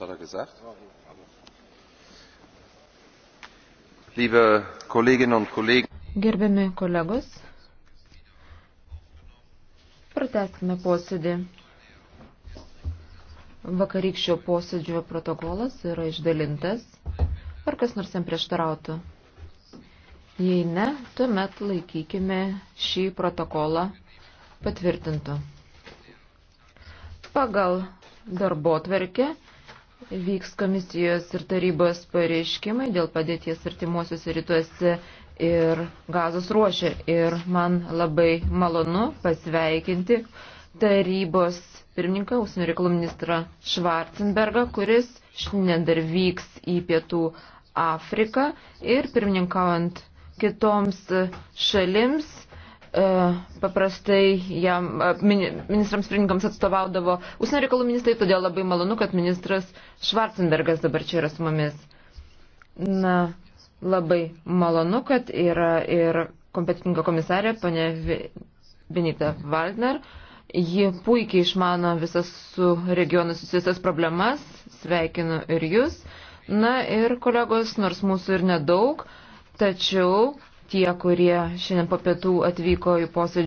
was hat er gesagt? Liebe Kolleginnen und Kollegen. Gerbiami kolegos, prateskime posėdį. Vakarykščio posėdžio protokolas yra išdalintas. Ar kas nors jam prieštarautų? Jei ne, tuomet laikykime šį protokolą patvirtintų. Pagal darbo tvarkę vyks komisijos ir tarybos pareiškimai dėl padėties artimuosiuose rytuose ir gazos ruošė. Ir man labai malonu pasveikinti tarybos pirmininką, užsienio reikalų ministrą Švarcenbergą, kuris šiandien dar vyks į pietų Afriką ir pirmininkaujant kitoms šalims E, paprastai jam, e, ministrams pirmininkams atstovaudavo užsienio reikalų ministrai, todėl labai malonu, kad ministras Švarcenbergas dabar čia yra su mumis. Na, labai malonu, kad yra ir kompetitinga komisarė, ponė Benita Waldner. Ji puikiai išmano visas su regionu susijusias problemas. Sveikinu ir jūs. Na ir kolegos, nors mūsų ir nedaug, tačiau tie, kurie šiandien po pietų atvyko į posėdį.